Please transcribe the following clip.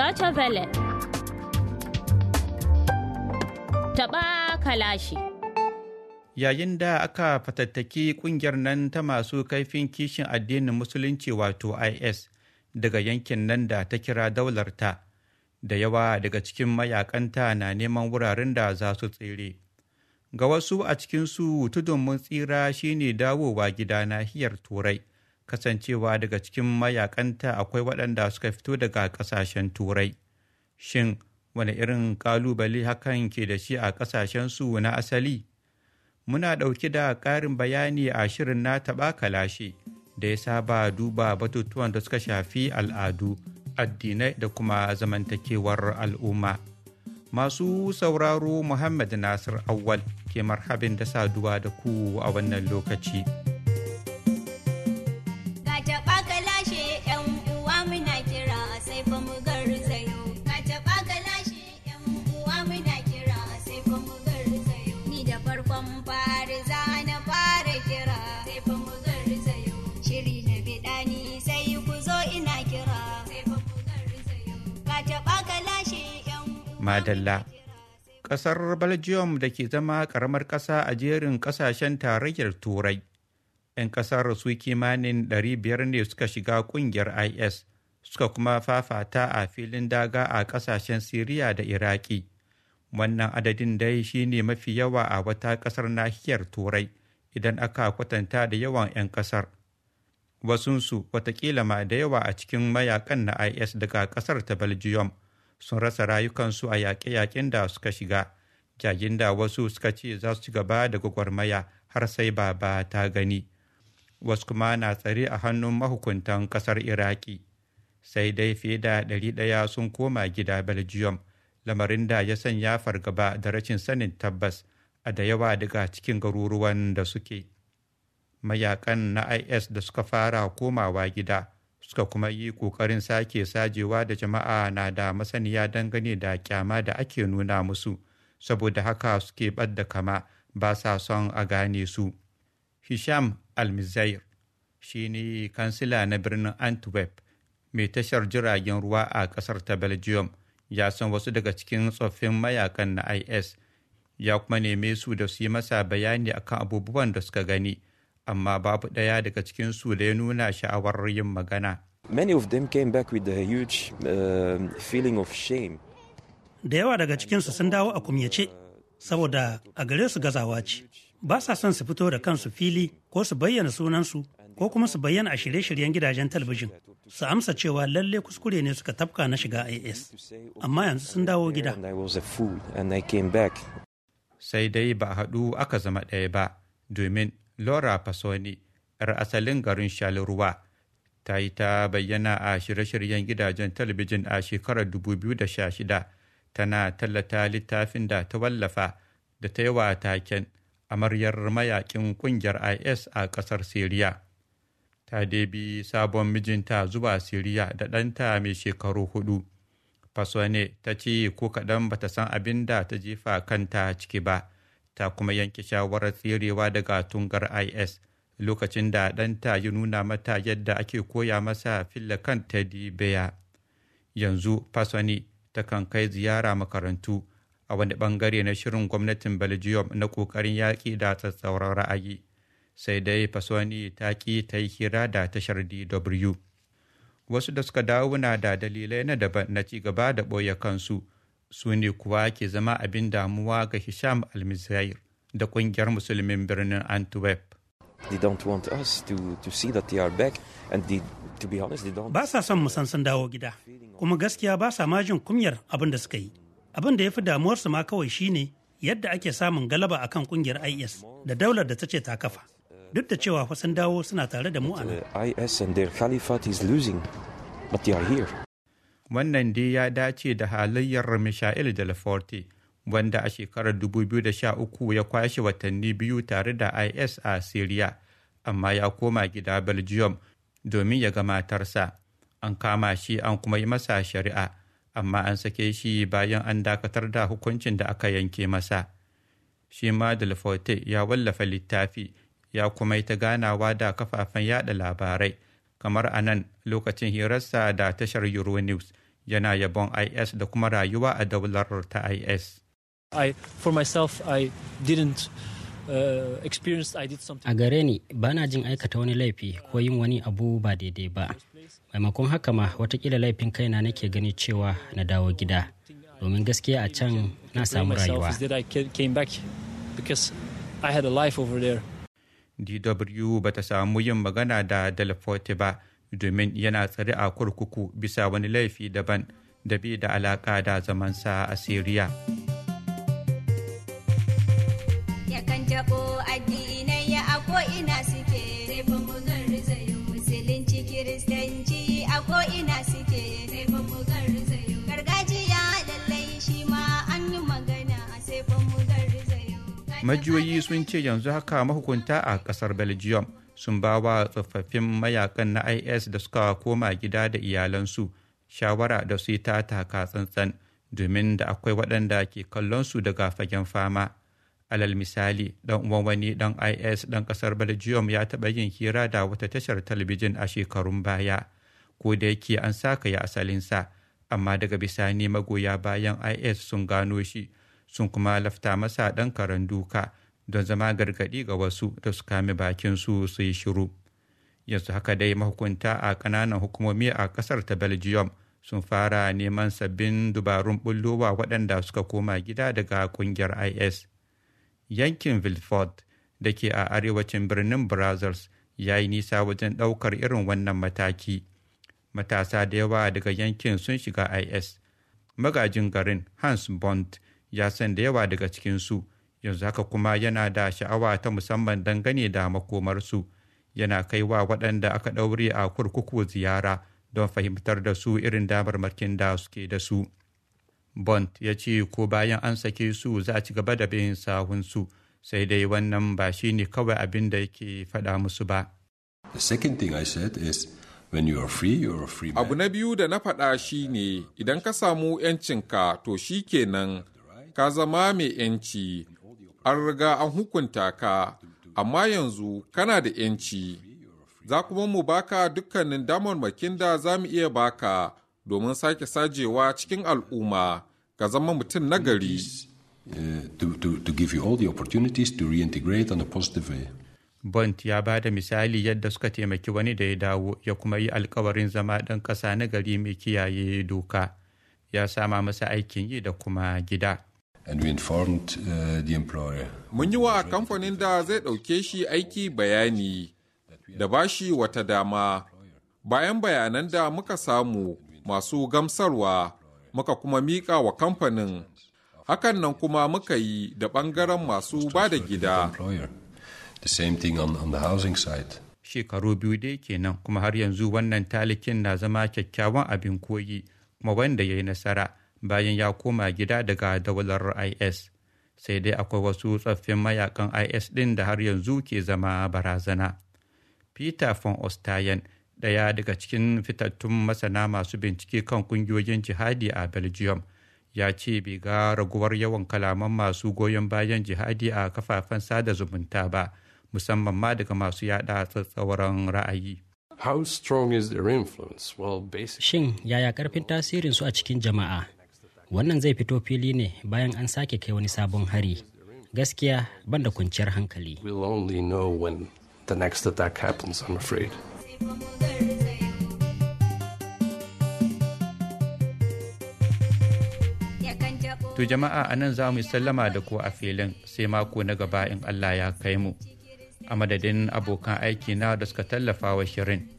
Deutsche Welle. Taɓa kalashi. Yayin da aka fatattaki ƙungiyar nan ta masu kaifin kishin addinin Musulunci wato IS daga yankin nan da ta kira daularta, da yawa daga cikin mayakanta na neman wuraren da za su tsere. Ga wasu a cikinsu tudun mun tsira shine dawowa gida nahiyar Turai. kasancewa daga cikin mayakanta akwai waɗanda suka fito daga ƙasashen turai shin wani irin ƙalubale hakan ke da shi a ƙasashen su na asali muna ɗauke da ƙarin bayani a shirin na taɓa kalashe da ya saba duba batutuwan da suka shafi al'adu addinai da kuma zamantakewar al'umma masu sauraro muhammad nasir awwal ke marhabin da saduwa da ku a wannan lokaci. madalla ƙasar belgium da ke zama ƙaramar ƙasa a jerin ƙasashen tarayyar turai 'yan ƙasar su kimanin biyar ne suka shiga ƙungiyar is suka kuma fafata a filin daga a ƙasashen siriya da iraki wannan adadin dai shi ne mafi yawa a wata ƙasar nahiyar turai idan aka kwatanta da yawan 'yan ƙasar wasunsu watakila ma da yawa a cikin mayakan na is daga ƙasar ta belgium sun rasa rayukansu a yaƙe-yaƙen da suka shiga yayin da wasu suka ce za su ci gaba da gwagwarmaya har sai baba ta gani wasu kuma na tsare a hannun mahukuntan ƙasar iraki sai dai fiye da ɗari ɗaya sun koma gida belgium lamarin da ya sanya fargaba da rashin sanin tabbas a da yawa daga cikin garuruwan da suke mayakan na is da suka fara komawa gida suka kuma yi ƙoƙarin sake sajewa da jama'a na da masaniya dangane da kyama da ake nuna musu saboda haka suke ɓadda kama ba sa son a gane su hisham almizair shi ne kansila na birnin antwerp mai tashar jiragen ruwa a ƙasar ta belgium ya san wasu daga cikin tsoffin mayakan na is ya kuma neme su da su yi masa bayani akan abubuwan da suka gani amma babu ɗaya daga su da ya nuna sha'awar yin magana. Many of them came back with a huge uh, feeling of shame. Da yawa daga cikin su sun dawo a kumyace, saboda a gare su gazawa ce. Ba sa son su fito da kansu fili ko su bayyana sunansu ko kuma su bayyana a shirye-shiryen gidajen talabijin. Su amsa cewa lalle kuskure ne suka tafka na shiga IS. Amma yanzu sun dawo gida. Sai dai ba a haɗu aka zama ɗaya ba, domin Laura Fasoni, 'yar asalin garin Shaliruwa, ta yi ta bayyana a shirye-shiryen gidajen talabijin a shekarar 2016 tana tallata littafin da ta wallafa da ta yi wa taken amaryar mayakin kungiyar is a ƙasar siriya ta debi sabon mijinta zuwa siriya da ɗanta mai shekaru hudu fasone ta ce ko kaɗan ba ta san abin da ta jefa kanta ciki ba ta kuma yanke shawarar tserewa daga tungar is lokacin da ɗanta ya nuna mata yadda ake koya masa fille kan teddy bear yanzu fasoni kan kai ziyara makarantu a wani bangare na shirin gwamnatin belgium na kokarin yaƙi da tsatsauran ra'ayi sai dai fasoni ta ƙi ta yi hira da tashar dw wasu da suka dawo na da dalilai na daban na ci gaba da ɓoye kansu su ne kuwa ke zama abin damuwa ga Hisham Almizair da kungiyar musulmin birnin Antwerp. They don't want us Ba sa son musan sun dawo gida, kuma gaskiya ba sa majin kumyar abin da suka yi. Abin da ya fi damuwarsu ma kawai shine yadda ake samun galaba akan kungiyar IS da daular da ta ce ta kafa. Duk da cewa fa sun dawo suna tare da mu a nan. Uh, IS and their caliphate is losing, but wannan dai ya dace da halayyar mishail delaforte wanda a shekarar 2013 ya kwashe watanni biyu tare da is a syria amma ya koma gida belgium domin ya ga matarsa an kama shi an kuma yi masa shari'a amma an sake shi bayan an dakatar da hukuncin da aka yanke masa shi ma ya wallafa littafi ya kuma yi ta ganawa da kafafen yada labarai kamar a nan lokacin hirarsa da tashar euronews yana yabon is da kuma rayuwa a daular ta is I, for myself, I didn't uh, A gare ni ba na jin aikata wani laifi ko yin wani abu ba daidai ba. Maimakon haka ma watakila laifin kaina nake gani cewa na dawo gida. Domin gaskiya a can na samu rayuwa. dw ba ta samu yin magana da delaforte ba domin yana tsare a kurkuku bisa wani laifi daban da bai da alaƙa da zamansa a siriya yakan taɓo addinai a ako ina majiyoyi sun ce yanzu haka mahukunta a kasar belgium sun ba wa tsofaffin mayakan na is da suka koma gida da iyalansu shawara da su ta taka tsantsan domin da akwai waɗanda ke kallon su daga fagen fama alal misali ɗan uwan wani ɗan is ɗan kasar belgium ya taɓa yin hira da wata tashar talabijin a shekarun baya ko da yake an saka ya asalinsa amma daga bisani magoya bayan is sun gano shi sun kuma lafta masa ɗan karen duka don zama gargaɗi ga wasu da su kame bakin su su yi shiru yanzu haka dai mahukunta a ƙananan hukumomi a ƙasar ta belgium sun fara neman sabbin dubarun bullowa waɗanda suka koma gida daga ƙungiyar is yankin vilford da ke a arewacin birnin brazils ya yi nisa wajen ɗaukar irin wannan mataki matasa da yawa daga yankin sun shiga is magajin garin hans bond ya san da yawa daga cikinsu yanzu haka kuma yana da sha'awa ta musamman dangane da makomarsu yana kai wa waɗanda aka ɗaure a kurkuku ziyara don fahimtar da su irin damar damarmakin da suke da su bond ya ce ko bayan an sake su za a ci gaba da bin sahunsu sai dai wannan ba shi ne kawai abin da yake faɗa musu ba abu na biyu da na faɗa shi ne idan ka samu 'yancinka to shi kenan ka zama mai 'yanci, an riga an hukunta ka, amma yanzu kana da 'yanci. Za kuma mu baka dukkanin damar damarmakin da za mu iya baka domin sake sajewa cikin al'umma ka zama mutum nagari. Eh, Bont ya ba da misali yadda suka taimaki wani da ya dawo ya kuma yi alkawarin zama ɗan ƙasa na gari mai kiyaye doka ya sama masa aikin yi da kuma gida. and we informed uh, the employer. Mun yi wa kamfanin da zai ɗauke shi aiki bayani da ba shi wata dama. Bayan bayanan da muka samu masu gamsarwa muka kuma miƙa wa kamfanin. Hakan nan kuma muka yi da ɓangaren masu ba da gida. Shekaru biyu dai kenan kuma har yanzu wannan talikin na zama kyakkyawan abin koyi kuma wanda ya yi nasara. bayan ya koma gida daga daular is sai dai akwai wasu tsoffin mayakan is ɗin da har yanzu ke zama barazana peter von ostayen ɗaya daga cikin fitattun masana masu bincike kan ƙungiyoyin jihadi a belgium ya ce bai ga raguwar yawan kalaman masu goyon bayan jihadi a kafafen sada zumunta ba musamman ma daga masu yada tsatsauran ra'ayi How Shin yaya karfin tasirin su a cikin jama'a? wannan zai fito fili ne bayan an sake kai wani sabon hari gaskiya ban da kwanciyar hankali To jama'a a nan za mu yi sallama da ku a filin sai mako na gaba in Allah ya kai mu. A madadin abokan aiki na da suka tallafa wa shirin.